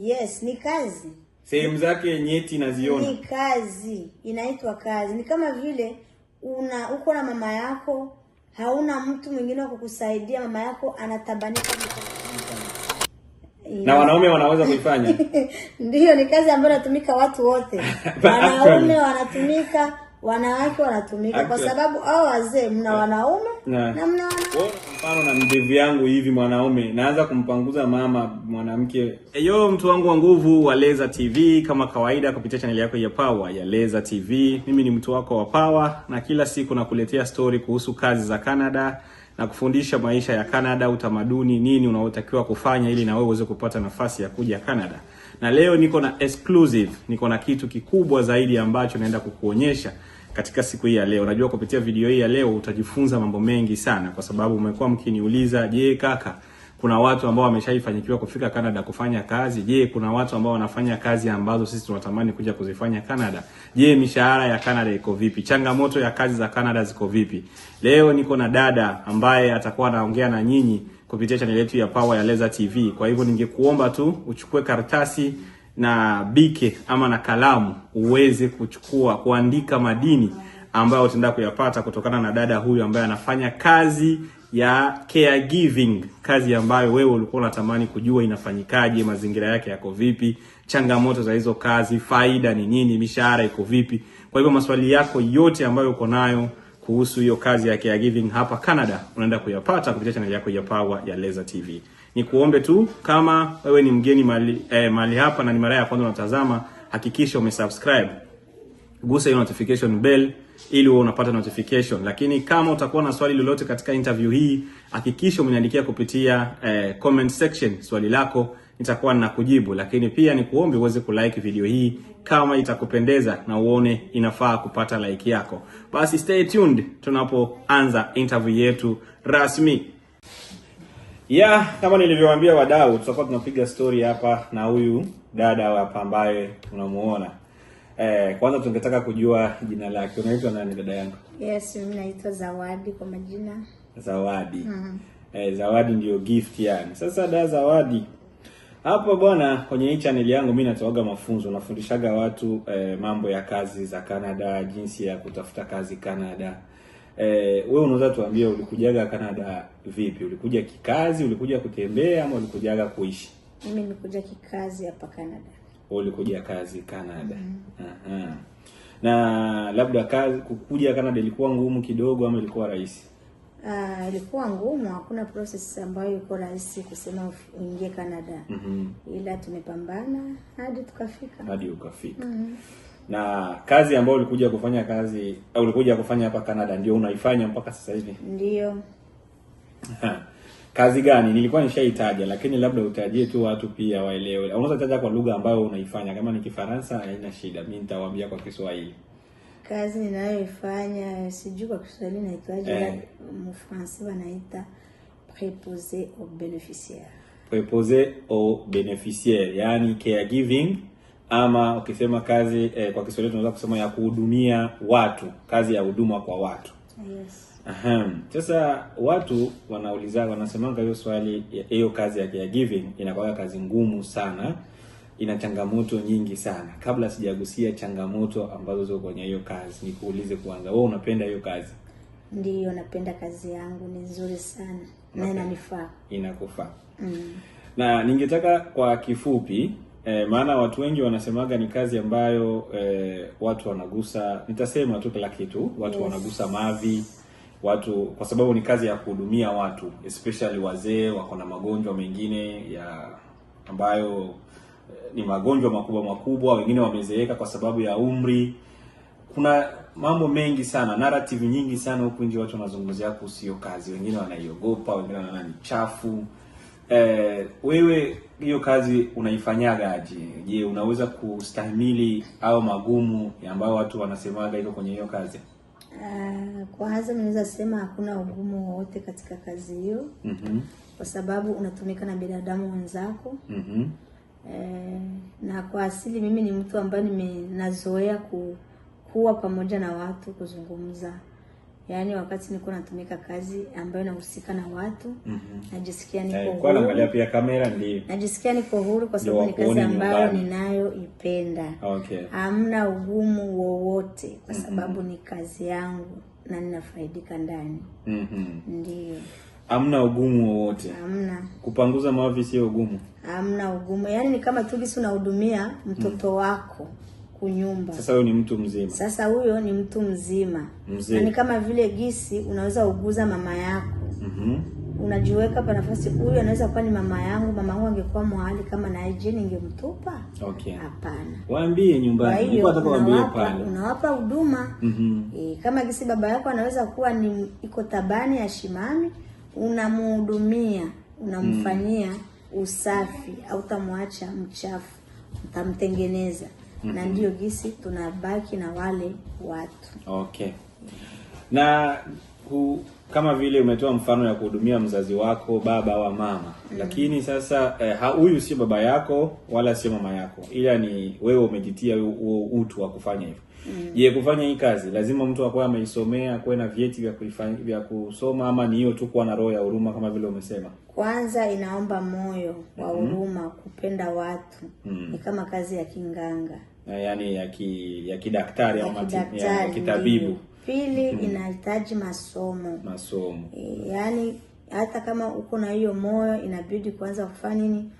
Yes, ni kazi. Sehemu zake nyeti naziona. Ni kazi, inaitwa kazi. Ni kama vile una uko na mama yako, hauna mtu mwingine wa kukusaidia, mama yako anatabanika. Na wanaume wanaweza kuifanya. Ndiyo, ni kazi ambayo inatumika watu wote. Wanaume wanatumika wanawake wanatumika kwa sababu hao wazee mna wanaume na, na mna mfano na mdevu yangu hivi mwanaume naanza kumpanguza mama mwanamke. Eyo mtu wangu wa nguvu wa Leza TV, kama kawaida, kupitia chaneli yako ya Power ya Leza TV. Mimi ni mtu wako wa Power na kila siku nakuletea story kuhusu kazi za Canada na kufundisha maisha ya Canada, utamaduni, nini unaotakiwa kufanya ili na wewe uweze kupata nafasi ya kuja Canada na leo niko na exclusive, niko na kitu kikubwa zaidi ambacho naenda kukuonyesha katika siku hii ya leo. Najua kupitia video hii ya leo utajifunza mambo mengi sana, kwa sababu umekuwa mkiniuliza, je, kaka kuna watu ambao wameshaifanyikiwa kufika Canada kufanya kazi. Je, kuna watu ambao wanafanya kazi ambazo sisi tunatamani kuja kuzifanya Canada? Je, mishahara ya Canada iko vipi? Changamoto ya kazi za Canada ziko vipi? Leo niko na dada ambaye atakuwa anaongea na nyinyi kupitia chaneli yetu ya Power ya Leza TV. Kwa hivyo ningekuomba tu uchukue karatasi na bike ama na kalamu uweze kuchukua kuandika madini ambayo utaenda kuyapata kutokana na dada huyu ambaye anafanya kazi ya caregiving, kazi ambayo wewe ulikuwa unatamani kujua inafanyikaje, mazingira yake yako vipi, changamoto za hizo kazi, faida ni nini, mishahara iko vipi. Kwa hivyo maswali yako yote ambayo uko nayo kuhusu hiyo kazi yake ya giving hapa Canada unaenda kuyapata kupitia chaneli yako ya Power ya Leza TV. Ni kuombe tu kama wewe ni mgeni mali, eh, mali hapa na ni mara ya kwanza unatazama, hakikisha umesubscribe. Gusa hiyo notification bell ili uwe unapata notification. Lakini kama utakuwa na swali lolote katika interview hii, hakikisha umeniandikia kupitia eh, comment section swali lako nitakuwa na kujibu lakini pia ni nikuombe uweze kulike video hii kama itakupendeza na uone inafaa kupata like yako. Basi stay tuned tunapoanza interview yetu rasmi. ya Yeah, kama nilivyowaambia wadau, tutakuwa tunapiga story hapa na huyu dada hapa ambaye unamuona. Eh, kwanza tungetaka kujua jina lake. Unaitwa nani dada yangu? Yes, mimi naitwa Zawadi kwa majina. Zawadi. Mm. hmm Eh, Zawadi ndio gift yani. Sasa da Zawadi, hapa bwana, kwenye hii chaneli yangu mimi natoaga mafunzo, nafundishaga watu eh, mambo ya kazi za Canada, jinsi ya kutafuta kazi Canada. Eh, wewe unaweza tuambia ulikujaga Canada vipi? Ulikuja kikazi, ulikuja kutembea ama ulikujaga kuishi? Mimi nilikuja kikazi hapa Canada. Wewe ulikuja kazi Canada. Mm -hmm. Na labda kazi kukuja Canada ilikuwa ngumu kidogo ama ilikuwa rahisi? uh, ilikuwa ngumu, hakuna process ambayo iko rahisi kusema uingie Canada. mm -hmm. Ila tumepambana hadi tukafika, hadi ukafika. mm -hmm. Na kazi ambayo ulikuja kufanya kazi au ulikuja kufanya hapa Canada ndio unaifanya mpaka sasa hivi? Ndio. Kazi gani? Nilikuwa nishaitaja lakini labda utajie tu watu pia waelewe. Unaweza taja kwa lugha ambayo unaifanya, kama ni Kifaransa haina shida, mimi nitawaambia kwa Kiswahili kazi ninayoifanya sijui kwa Kiswahili naitwaje, eh. Mfransi wanaita preposer au beneficiaire, preposer au beneficiaire, yani care giving, ama ukisema kazi eh, kwa Kiswahili tunaweza kusema ya kuhudumia watu, kazi ya huduma kwa watu. Yes. Aha. Sasa watu wanauliza wanasemanga hiyo swali hiyo kazi ya care giving inakuwa kazi ngumu sana ina changamoto nyingi sana. Kabla sijagusia changamoto ambazo ziko kwenye hiyo kazi, nikuulize kwanza, wewe unapenda hiyo kazi? Ndiyo, napenda kazi yangu, ni nzuri sana okay. na inanifaa. Inakufaa? Mm. Na ningetaka kwa kifupi eh, maana watu wengi wanasemaga ni kazi ambayo eh, watu wanagusa, nitasema tu kila kitu, watu yes. wanagusa mavi watu kwa sababu ni kazi ya kuhudumia watu especially wazee wako na magonjwa mengine ya ambayo ni magonjwa makubwa makubwa, wengine wamezeeka kwa sababu ya umri. Kuna mambo mengi sana, narrative nyingi sana huku nje, watu wanazungumzia kuhusu kazi, wengine wanaiogopa, wengine wanaona ni chafu. Eh, wewe hiyo kazi aje? Je, unaweza kustahimili au magumu ambayo watu wanasemaga iko kwenye hiyo kazi? Uh, eh, kwanza naweza sema hakuna ugumu wowote katika kazi hiyo. mm -hmm. Kwa sababu unatumika na binadamu wenzako. mm -hmm. Eh, na kwa asili mimi ni mtu ambaye nimenazoea ku, kuwa pamoja na watu kuzungumza Yaani wakati niko natumika kazi ambayo inahusika na watu mm -hmm. najisikia eh, niko huru. Kwa naangalia pia kamera ndio. Najisikia niko huru kwa sababu ni kazi ambayo ninayoipenda. Okay. Hamna ugumu wowote kwa mhm. sababu mm -hmm. ni kazi yangu na ninafaidika ndani. Mm -hmm. Ndio. Hamna ugumu wowote? Hamna. Kupanguza mavi sio ugumu? Hamna ugumu, yaani ni kama tu gisi unahudumia mtoto hmm. wako kunyumba. Sasa huyo ni mtu mzima. Sasa huyo ni mtu mzima, na ni kama vile gisi unaweza uguza mama yako mm -hmm. unajiweka pa nafasi, huyu anaweza kuwa ni mama yangu, mama yangu angekuwa mahali kama na je, ningemtupa? Okay, hapana. Waambie nyumbani, niko nataka waambie pale, unawapa huduma mm -hmm. E, kama gisi baba yako anaweza kuwa ni iko tabani ya Shimami unamhudumia, unamfanyia mm. usafi, utamwacha mchafu, utamtengeneza mm -hmm. na mm-hmm. ndio gisi tunabaki na wale watu. Okay, na hu, kama vile umetoa mfano ya kuhudumia mzazi wako baba au mama mm. lakini sasa eh, huyu eh, sio baba yako wala sio mama yako, ila ni wewe umejitia huo utu wa kufanya hivyo Mm. Je, kufanya hii kazi lazima mtu akuwe ameisomea, akuwe na vyeti vya kuifanya vya kusoma ama ni hiyo tu kuwa na roho ya huruma kama vile umesema? Kwanza inaomba moyo wa mm-hmm. huruma, mm. kupenda watu. Mm. Ni kama kazi ya kinganga. Yaani ya ki, ya kidaktari au ya kitabibu. Pili mm. inahitaji masomo. Masomo. E, yaani hata kama uko na hiyo moyo inabidi kwanza kufanya nini?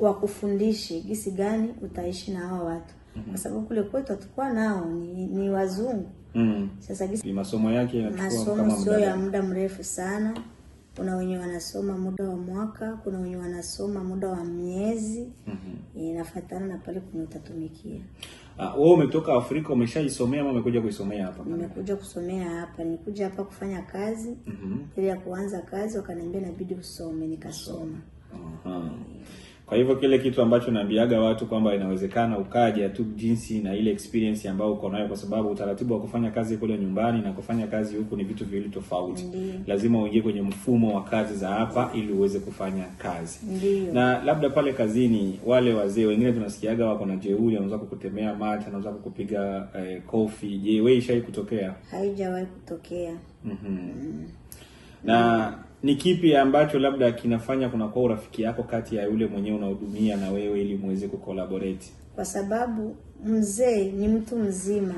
wakufundishe gisi gani utaishi na hawa watu Mhm. kwa sababu kule kwetu hatukuwa nao, ni, ni wazungu mm Sasa gisa, masomo yake masomo sio ya muda mrefu sana. Kuna wenye wanasoma muda wa mwaka, kuna wenye wanasoma muda wa miezi mm -hmm. Eh, Inafuatana na pale kuna utatumikia. Ah, wewe umetoka Afrika umeshaisomea ama umekuja kuisomea hapa? Nimekuja kusomea hapa, nikuja hapa kufanya kazi mm -hmm. Ili ya kuanza kazi wakaniambia inabidi usome, nikasoma. Aha. Eh. Kwa hivyo kile kitu ambacho naambiaga watu kwamba inawezekana ukaja tu jinsi na ile experience ambayo uko nayo, kwa sababu utaratibu wa kufanya kazi kule nyumbani na kufanya kazi huku ni vitu viwili tofauti. Ndiyo. Lazima uingie kwenye mfumo wa kazi za hapa ili uweze kufanya kazi. Ndiyo. Na labda pale kazini wale wazee wengine tunasikiaga wako na jeuri, anaweza kukutemea mate, anaweza kukupiga eh, kofi. Je, wewe ishai kutokea? Haijawahi kutokea. Mhm. Mm mm. Na ni kipi ambacho labda kinafanya kunakuwa urafiki yako kati ya yule mwenyewe unahudumia na wewe, ili muweze kukolaborate Kwa sababu mzee ni mtu mzima,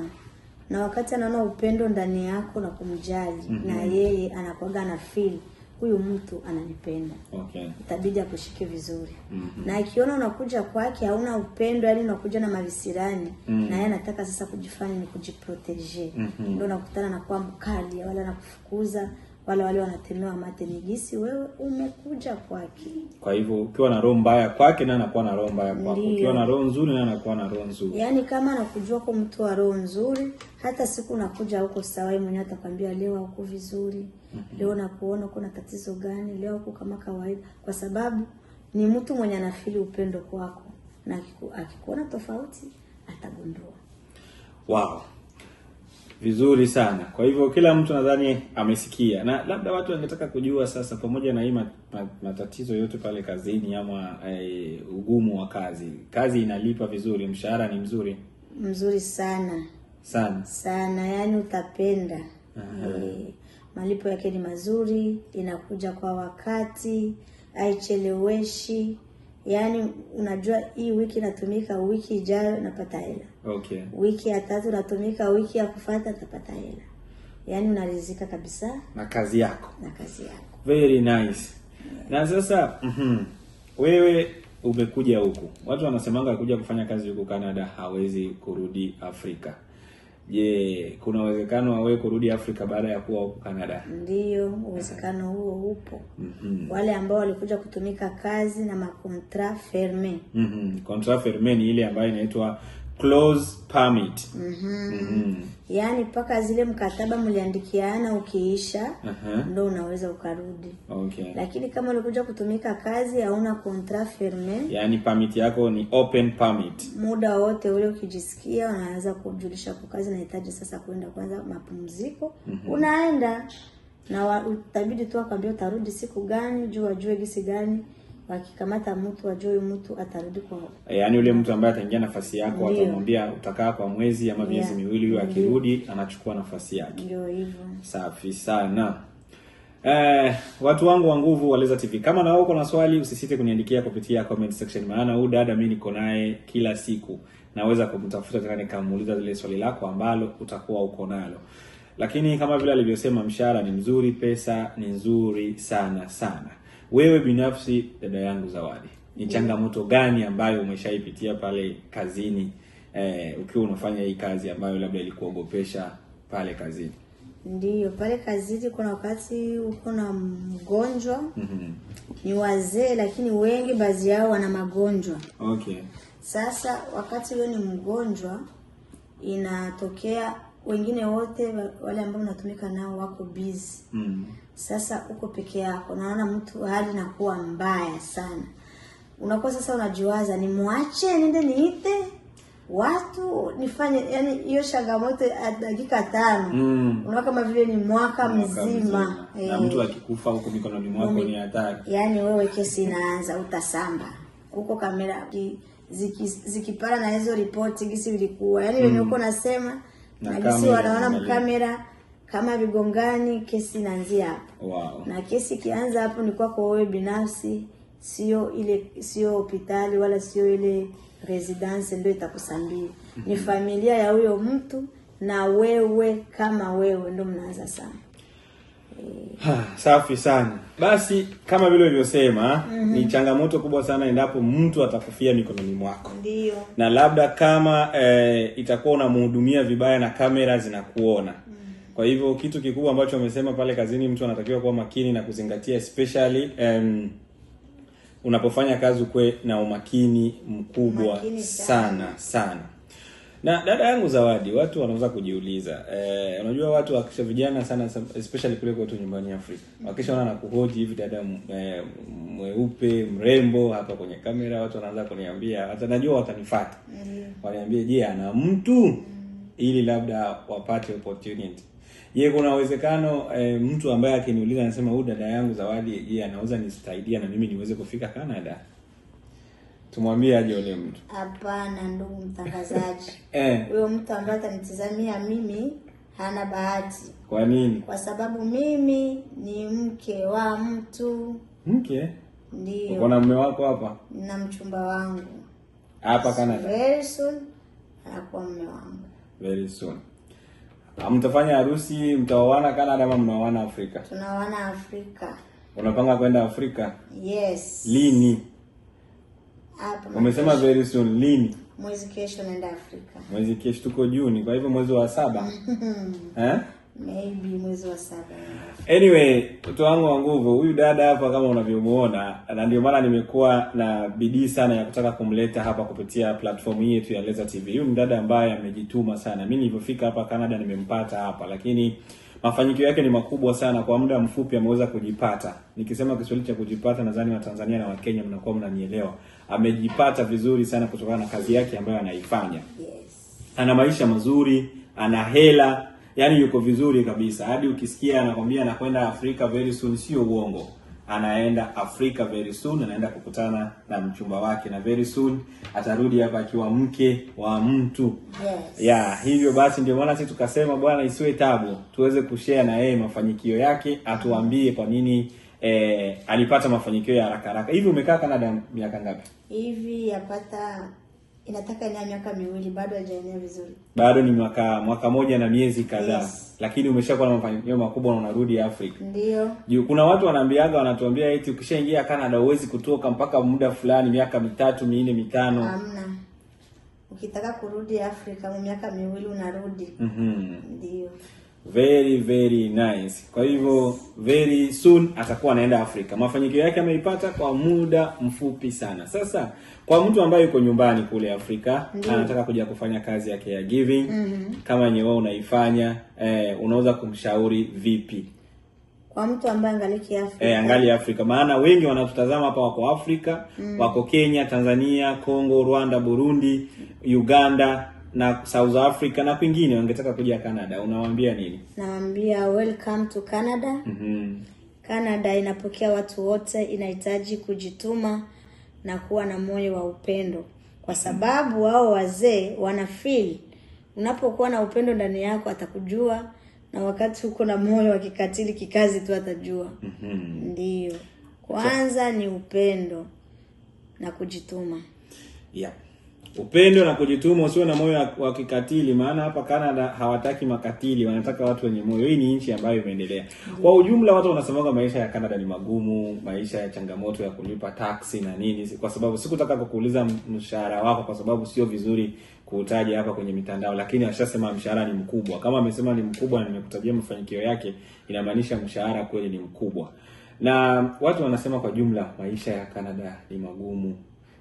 na wakati anaona upendo ndani yako na kumjali mm -hmm. na mhm. yeye anakwaga na feel huyu mtu ananipenda, okay. Itabidi akushike vizuri mm -hmm. na akiona unakuja kwake hauna upendo, yani unakuja na mavisirani mm -hmm. na yeye anataka sasa kujifanya ni kujiproteje, mm -hmm. unakutana na kuwa mkali, wala anakufukuza wale wale wanatemewa mate ni jinsi wewe umekuja kwake. Kwa hivyo ukiwa na roho mbaya kwake, na anakuwa na roho mbaya kwako. Ukiwa na roho nzuri, na anakuwa na roho nzuri. Yaani kama anakujua kwa mtu wa roho nzuri, hata siku unakuja huko sawai mwenyewe atakwambia leo huko vizuri, mm -hmm. leo nakuona uko na tatizo gani, leo huko kama kawaida, kwa sababu ni mtu mwenye anafili upendo kwako, na akikuona tofauti atagundua. Wow. Vizuri sana. Kwa hivyo kila mtu nadhani amesikia, na labda watu wangetaka kujua sasa, pamoja na hii matatizo yote pale kazini ama e, ugumu wa kazi, kazi inalipa vizuri, mshahara ni mzuri mzuri sana sana sana, yani utapenda e, malipo yake ni mazuri, inakuja kwa wakati, aicheleweshi yaani unajua hii wiki natumika, wiki ijayo napata hela. Okay. Wiki ya tatu natumika, wiki ya kufuata napata hela, yaani unaridhika kabisa na kazi yako na kazi yako. Very nice. Yeah. Na sasa mm -hmm. Wewe umekuja huku, watu wanasemanga kuja kufanya kazi huku Canada hawezi kurudi Afrika Je, kuna uwezekano wa wewe kurudi Afrika baada ya kuwa huko Canada? Ndiyo, uwezekano huo upo. mm -hmm. Wale ambao walikuja kutumika kazi na makontra ferme. mm -hmm. Contra ferme ni ile ambayo inaitwa close permit. mm -hmm. Mm -hmm. Yaani mpaka zile mkataba mliandikiana ukiisha uh -huh. Ndo unaweza ukarudi. Okay. Lakini kama ulikuja kutumika kazi hauna contrat firme, yaani permit yako ni open permit, muda wote ule ukijisikia unaweza kujulisha kwa kazi, nahitaji sasa kwenda kwanza mapumziko mhm. Unaenda na utabidi tu akwambia utarudi siku gani, juu ajue gisi gani wakikamata mtu ajue mtu atarudi kwa e, eh, yani yule mtu ambaye ataingia nafasi yako atamwambia utakaa kwa mwezi ama miezi yeah, miwili. Huyo akirudi anachukua nafasi yake. Ndio hivyo. Safi sana. Eh, watu wangu wa nguvu wa Leza TV, kama na uko na swali usisite kuniandikia kupitia comment section, maana huyu dada mimi niko naye kila siku, naweza kumtafuta tena nikamuuliza zile swali lako ambalo utakuwa uko nalo. Lakini kama vile alivyosema, mshahara ni mzuri, pesa ni nzuri sana sana. Wewe binafsi, dada yangu Zawadi, ni mm. changamoto gani ambayo umeshaipitia pale kazini eh, ukiwa unafanya hii kazi ambayo labda ilikuogopesha pale kazini? Ndiyo, pale kazini kuna wakati uko na mgonjwa mm -hmm. Ni wazee lakini wengi, baadhi yao wana magonjwa okay. Sasa wakati wewe ni mgonjwa, inatokea wengine wote wale ambao unatumika nao wako busy mm. Sasa uko peke yako, naona mtu hali inakuwa mbaya sana, unakuwa sasa unajiwaza, ni muache niende niite watu nifanye, yani hiyo changamoto dakika tano mm. unaona kama vile ni mwaka, mwaka mzima, mzima. Na eh. mtu akikufa huko mikononi mwako ni hatari, yani wewe kesi inaanza utasamba huko kamera zikipara ziki na hizo ripoti gisi vilikuwa yani mm. wenye uko nasema Najisi wanaona mkamera kama vigongani, kesi inaanzia hapo. Wow. Na kesi ikianza hapo ni kwako wewe binafsi, sio ile, sio hospitali wala sio ile residence ndio itakusambia. Ni mhm. familia ya huyo mtu na wewe kama wewe ndio mnaanza sana. Ha, safi sana. Basi kama vile ulivyosema, mm -hmm. Ni changamoto kubwa sana endapo mtu atakufia mikononi mwako. Ndiyo. Na labda kama eh, itakuwa unamhudumia vibaya na kamera zinakuona. Mm -hmm. Kwa hivyo kitu kikubwa ambacho amesema pale kazini, mtu anatakiwa kuwa makini na kuzingatia especially um, unapofanya kazi, kwe na umakini mkubwa makini sana sana, sana. Na dada yangu Zawadi, watu wanaweza kujiuliza eh, unajua watu wakisha vijana sana, especially kule kwetu nyumbani Afrika, wakishaona nakuhoji hivi dada eh, mweupe mrembo hapa kwenye kamera, watu wanaanza kuniambia, hata najua watanifuata waniambie, je, ana mtu ili labda wapate opportunity. Je, kuna uwezekano eh, mtu ambaye akiniuliza anasema huyu dada yangu Zawadi, je, anaweza nisaidia na mimi niweze kufika Canada? Tumwambie aje ule mtu. Hapana ndugu mtangazaji. Eh. Huyo mtu ambaye atanitazamia mimi hana bahati. Kwa nini? Kwa sababu mimi ni mke wa mtu. Mke? Ndio. Uko na mume wako hapa? Na mchumba wangu. Hapa Canada. Very soon anakuwa mume wangu. Very soon. Ah, mtafanya harusi, mtaoana Canada ama mnaoana Afrika? Tunaoana Afrika. Unapanga kwenda Afrika? Yes. Lini? Hapo. Umesema very soon lini? Mwezi kesho naenda Afrika. Mwezi kesho tuko Juni, kwa hivyo mwezi wa saba. Eh? Maybe mwezi wa saba. Anyway, mtoto wangu wa nguvu, huyu dada hapa kama unavyomuona, na ndio maana nimekuwa na bidii sana ya kutaka kumleta hapa kupitia platform hii yetu ya Leza TV. Huyu mdada ambaye amejituma sana. Mimi nilipofika hapa Canada nimempata hapa, lakini mafanikio yake ni makubwa sana. Kwa muda mfupi ameweza kujipata. Nikisema Kiswahili cha kujipata, nadhani Watanzania na Wakenya mnakuwa mnanielewa amejipata vizuri sana kutokana na kazi yake ambayo anaifanya. Yes. Ana maisha mazuri, ana hela, yani yuko vizuri kabisa. Hadi ukisikia anakwambia anakwenda Afrika very soon, sio uongo. Anaenda Afrika very soon, anaenda kukutana na mchumba wake na very soon atarudi hapa akiwa mke wa mtu. Yes. Yeah, hivyo basi ndio maana sisi tukasema bwana, isiwe tabu, tuweze kushare na yeye mafanikio yake, atuambie kwa nini eh, alipata mafanikio ya haraka haraka. Hivi umekaa Canada miaka ngapi? Hivi yapata inataka ina miaka miwili, bado hajaenea vizuri, bado ni mwaka mwaka moja na miezi kadhaa yes. Lakini umeshakuwa na mafanikio makubwa na unarudi Afrika. Ndio juu kuna watu wanaambiaga, wanatuambia eti ukishaingia Canada huwezi kutoka mpaka muda fulani, miaka mitatu minne mitano. Hamna, ukitaka kurudi Afrika miaka miwili unarudi. Mhm. mm Ndio very very nice. Kwa hivyo very soon atakuwa anaenda Afrika. Mafanikio yake ameipata kwa muda mfupi sana. Sasa kwa mtu ambaye yuko nyumbani kule Afrika mm -hmm. anataka kuja kufanya kazi yake ya giving mm -hmm. kama nyewe unaifanya eh, unaweza kumshauri vipi? Kwa mtu ambaye angali Afrika. Eh, angali Afrika. Maana wengi wanatutazama hapa wako Afrika, mm. wako Kenya, Tanzania, Kongo, Rwanda, Burundi, Uganda na South Africa na kwingine wangetaka kuja Canada, unawaambia nini? Nawaambia welcome to Canada. mm -hmm. Canada inapokea watu wote, inahitaji kujituma na kuwa na moyo wa upendo, kwa sababu wao wazee wana feel, unapokuwa na upendo ndani yako atakujua, na wakati huko na moyo wa kikatili kikazi tu atajua. mm -hmm. Ndiyo kwanza so, ni upendo na kujituma yeah. Upendo na kujituma, usiwe na moyo wa kikatili, maana hapa Canada hawataki makatili, wanataka watu wenye moyo. Hii ni nchi ambayo imeendelea kwa ujumla. Watu wanasemaga maisha ya Canada ni magumu, maisha ya changamoto ya kulipa taksi na nini, kwa sababu sikutaka kukuuliza mshahara wako, kwa sababu sio vizuri kuutaja hapa kwenye mitandao, lakini ashasema mshahara ni mkubwa. Kama amesema ni mkubwa na nimekutajia mafanikio yake, inamaanisha mshahara kweli ni mkubwa, na watu wanasema kwa jumla maisha ya Canada ni magumu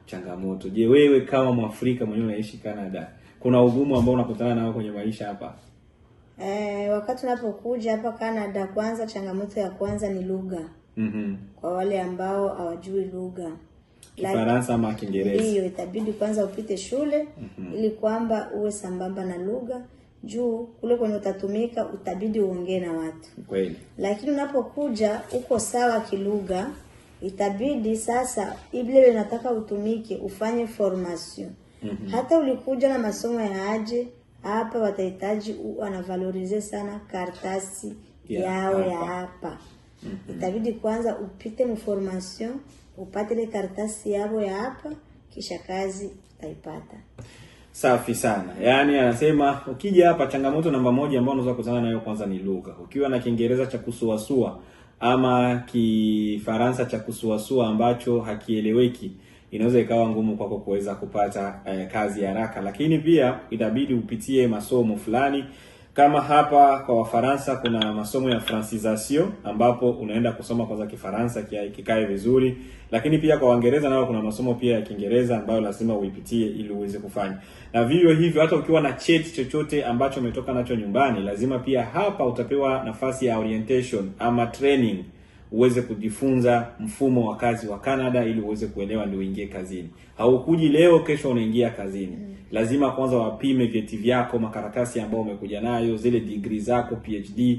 changamoto. Je, wewe kama Mwafrika mwenyewe unaishi Canada, kuna ugumu ambao unakutana nao kwenye maisha hapa? Eh, wakati unapokuja hapa Canada, kwanza changamoto ya kwanza ni lugha. Mm-hmm. Kwa wale ambao hawajui lugha Kifaransa ama Kiingereza, hiyo itabidi kwanza upite shule mm-hmm. ili kwamba uwe sambamba na lugha juu kule kwenye utatumika utabidi uongee na watu kweli, lakini unapokuja uko sawa kilugha itabidi sasa Biblia inataka utumike, ufanye formation mm -hmm. Hata ulikuja na masomo ya aje hapa, watahitaji wanavalorize sana kartasi yeah, yao hapa. ya hapa mm -hmm. Itabidi kwanza upite mformation upate ile kartasi yao ya hapa, kisha kazi utaipata. Safi sana. Yaani anasema ukija hapa, changamoto namba moja ambayo unaweza kuzana nayo kwanza ni lugha. Ukiwa na Kiingereza cha kusuasua ama Kifaransa cha kusuasua ambacho hakieleweki, inaweza ikawa ngumu kwako kuweza kupata eh, kazi haraka, lakini pia itabidi upitie masomo fulani kama hapa kwa Wafaransa kuna masomo ya francisation ambapo unaenda kusoma kwanza Kifaransa kikae vizuri, lakini pia kwa Waingereza nao kuna masomo pia ya Kiingereza ambayo lazima uipitie ili uweze kufanya. Na vivyo hivyo hata ukiwa na cheti chochote ambacho umetoka nacho nyumbani, lazima pia hapa utapewa nafasi ya orientation ama training uweze kujifunza mfumo wa kazi wa Canada ili uweze kuelewa ndio uingie kazini. Haukuji leo kesho unaingia kazini. Mm. Lazima kwanza wapime vyeti vyako, makaratasi ambayo umekuja nayo, zile degree zako, PhD,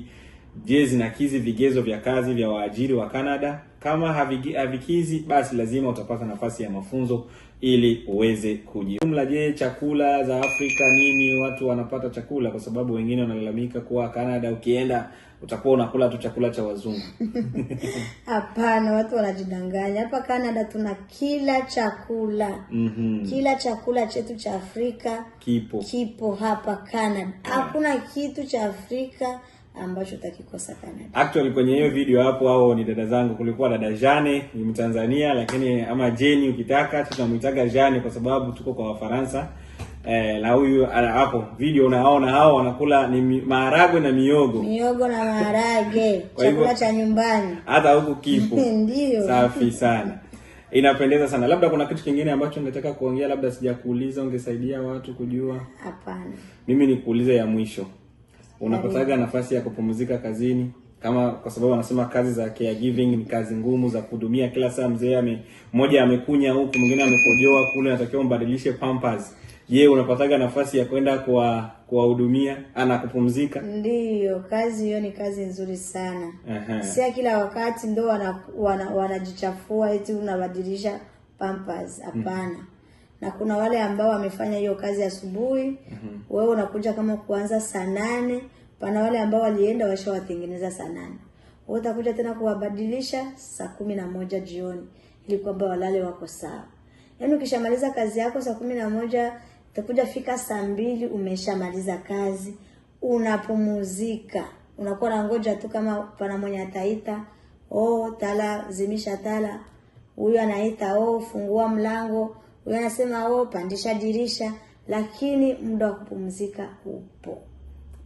je, zinakizi vigezo vya kazi vya waajiri wa Canada? Kama havikizi, basi lazima utapata nafasi ya mafunzo ili uweze kujumla. Je, chakula za Afrika nini, watu wanapata chakula? Kwa sababu wengine wanalalamika kuwa Canada ukienda utakuwa unakula tu chakula cha wazungu. Hapana, watu wanajidanganya. Hapa Canada tuna kila chakula mm -hmm. Kila chakula chetu cha Afrika kipo, kipo hapa Canada. Hakuna yeah. kitu cha Afrika ambacho utakikosa Canada. Actually kwenye hiyo video hapo hao ni dada zangu, kulikuwa dada Jane ni Mtanzania, lakini ama Jenny ukitaka tunamuitaga Jane kwa sababu tuko kwa Wafaransa eh, na huyu ah, hapo video unaona hao wanakula ni maharagwe na miogo, miogo na maharage chakula cha nyumbani, hata huku kipo ndio safi sana inapendeza sana. Labda kuna kitu kingine ambacho ningetaka kuongea, labda sijakuuliza, ungesaidia watu kujua? Hapana, mimi nikuulize ya mwisho unapataga nafasi ya kupumzika kazini kama kwa sababu anasema kazi za caregiving ni kazi ngumu za kuhudumia kila saa. Mzee ame mmoja amekunya huku, mwingine amekojoa kule, anatakiwa mbadilishe pampers. Je, unapataga nafasi ya kwenda kwa kuwahudumia ana kupumzika? Ndiyo, kazi hiyo ni kazi nzuri sana. Si kila wakati ndo wanajichafua wana, wana eti unabadilisha pampers, mm. hapana. mm na kuna wale ambao wamefanya hiyo kazi asubuhi. mm -hmm. Wewe unakuja kama kuanza saa nane. Pana wale ambao walienda washawatengeneza saa nane, wewe utakuja tena kuwabadilisha saa kumi na moja jioni ili kwamba walale wako sawa. Yaani ukishamaliza kazi yako saa kumi na moja utakuja fika saa mbili umeshamaliza kazi, unapumuzika, unakuwa na ngoja tu kama pana mwenye ataita oh, tala zimisha tala, huyu anaita oh, fungua mlango wewe unasema wewe pandisha dirisha, lakini muda wa kupumzika upo.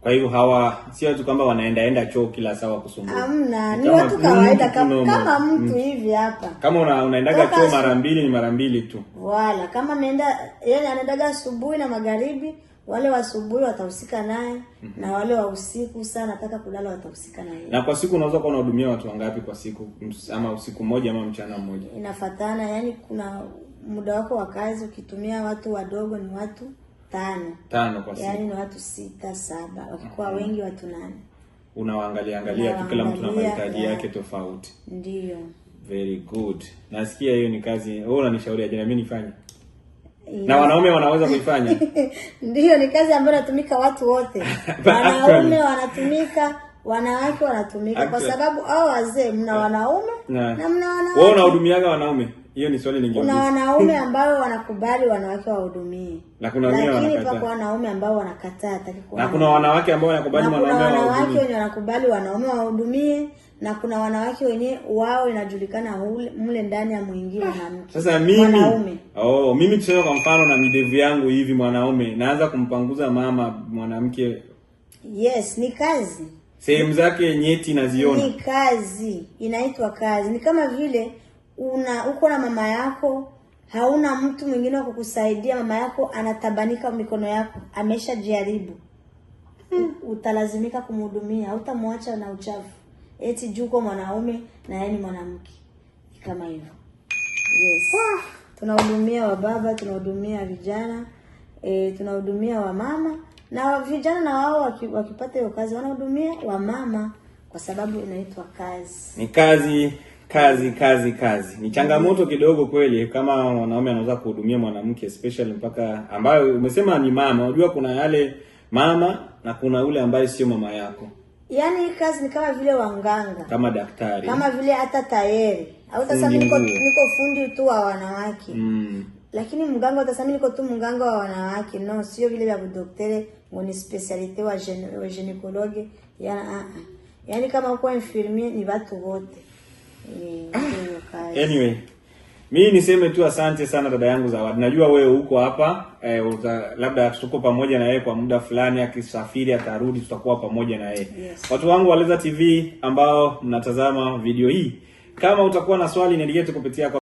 Kwa hiyo hawa si watu kwamba wanaenda enda choo kila saa kusumbua. Hamna, ni watu kawaida kama, kama mtu mm. hivi hapa. Kama una, unaendaga choo mara mbili ni mara mbili tu. Wala kama ameenda yeye anaendaga asubuhi na magharibi, wale wa asubuhi watahusika naye mm -hmm. na wale wa usiku sana nataka kulala watahusika naye. Na kwa siku unaweza kuwa unahudumia watu wangapi kwa siku ama usiku mmoja ama mchana mmoja? Inafatana, yani kuna muda wako wa kazi ukitumia watu wadogo ni watu tano tano kwa yaani ni watu sita saba, wakikuwa mm -hmm. wengi watu nane. Unawaangalia angalia tu, kila mtu na mahitaji yake tofauti. Ndiyo, very good. Nasikia hiyo ni kazi. Wewe unanishauri aje na mimi nifanye? Yeah. Na wanaume wanaweza kuifanya? Ndiyo, ni kazi ambayo inatumika watu wote wanaume wanatumika wanawake wanatumika, kwa sababu hao wazee mna wanaume na, na mna wanawake. Wewe unahudumiaga wanaume? hiyo ni swali lingine. Kuna wanaume ambao wanakubali wanawake wahudumie, na kuna wengine wanakataa, lakini wanaume ambao wanakataa hataki kuona, na kuna wanawake ambao wanakubali wanaume wahudumie, na kuna wanawake wenye wanakubali wanaume wahudumie, na kuna wanawake wenye wao inajulikana mle ndani ya mwingine mwanamke. Sasa mimi mwanaume, oh, mimi tuseme kwa mfano na midevu yangu hivi, mwanaume naanza kumpanguza mama mwanamke, yes, ni kazi sehemu zake nyeti naziona, ni kazi, inaitwa kazi. Ni kama vile una uko na mama yako, hauna mtu mwingine wa kukusaidia, mama yako anatabanika mikono yako, ameshajaribu hmm. Utalazimika kumhudumia, hautamwacha na uchafu eti juu uko mwanaume na yeye ni mwanamke. Kama hivyo yes. Ah. tunahudumia wababa, tunahudumia vijana e, tunahudumia wamama na vijana na wao wakipata hiyo kazi wanahudumia wamama kwa sababu inaitwa kazi, ni kazi kazi kazi kazi ni changamoto kidogo kweli, kama mwanaume anaweza kuhudumia mwanamke especially mpaka ambayo umesema ni mama. Unajua kuna yale mama na kuna ule ambaye sio mama yako, yaani kazi ni kama vile wanganga, kama daktari, kama vile hata tayari au tasema niko, niko fundi tu wa wanawake mm. Lakini mganga utasema niko tu mganga wa wanawake no, sio vile vya kudoktere ngoni specialite wa, gen, wa gynecologue ya, uh, ah, ah. yani kama uko infirmier ni watu wote Ah, anyway mi niseme tu asante sana dada yangu Zawadi, najua wewe huko hapa eh, uta, labda tuko pamoja na yeye kwa muda fulani, akisafiri atarudi, tutakuwa pamoja na yeye yes. Watu wangu wa Leza TV ambao mnatazama video hii, kama utakuwa na swali niligete kupitia kwa